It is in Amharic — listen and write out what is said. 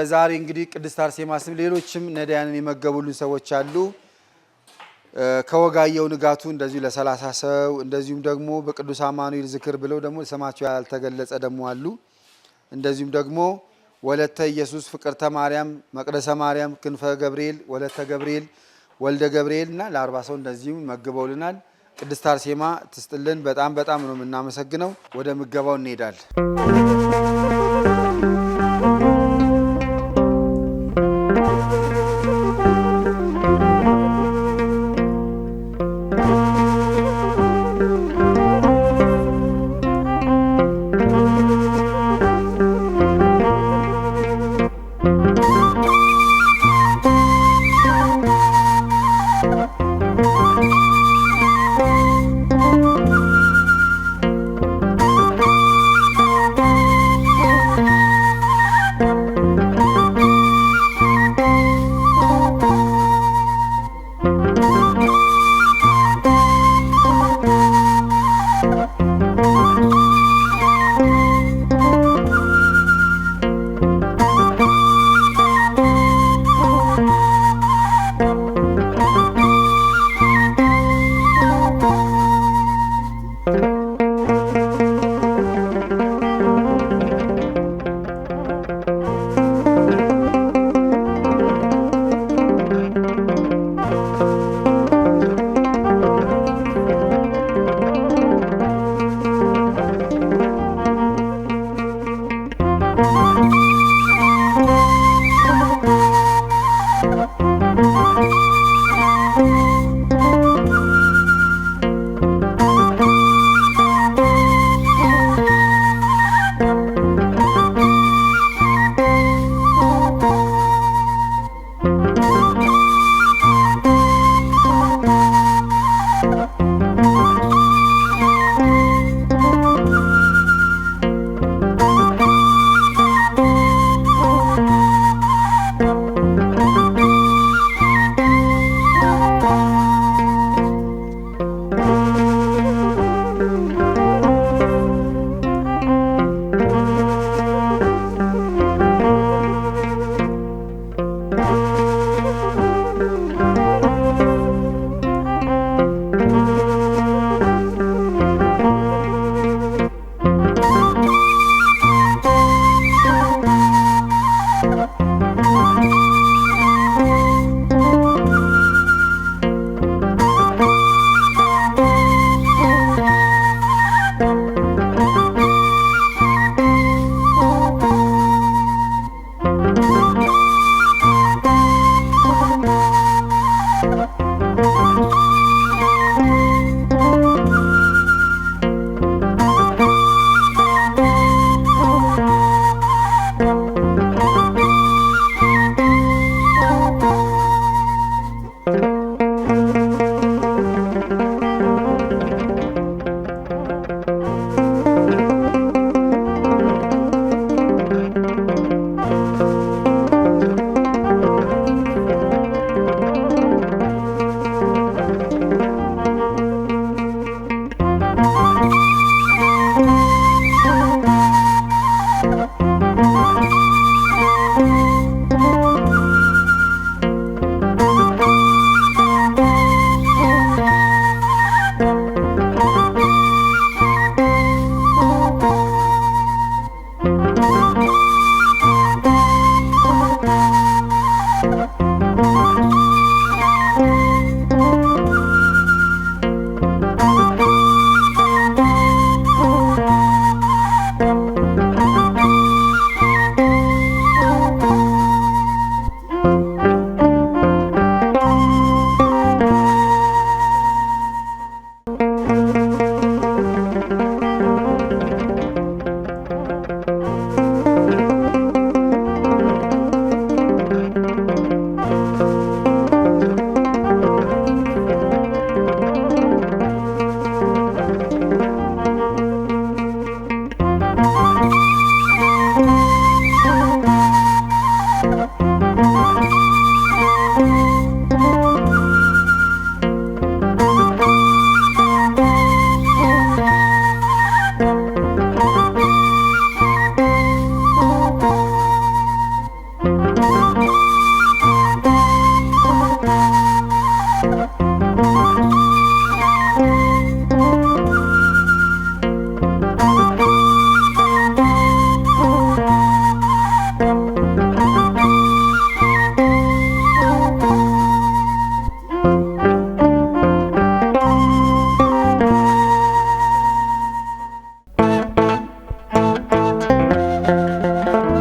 በዛሬ እንግዲህ ቅድስት አርሴማ ስም ሌሎችም ነዳያንን የመገቡልን ሰዎች አሉ። ከወጋየው ንጋቱ እንደዚሁ ለሰላሳ ሰው እንደዚሁም ደግሞ በቅዱስ አማኑኤል ዝክር ብለው ደግሞ ስማቸው ያልተገለጸ ደግሞ አሉ። እንደዚሁም ደግሞ ወለተ ኢየሱስ፣ ፍቅርተ ማርያም፣ መቅደሰ ማርያም፣ ክንፈ ገብርኤል፣ ወለተ ገብርኤል፣ ወልደ ገብርኤል እና ለአርባ ሰው እንደዚሁ መግበውልናል። ቅድስት አርሴማ ትስጥልን። በጣም በጣም ነው የምናመሰግነው። ወደ ምገባው እንሄዳለን።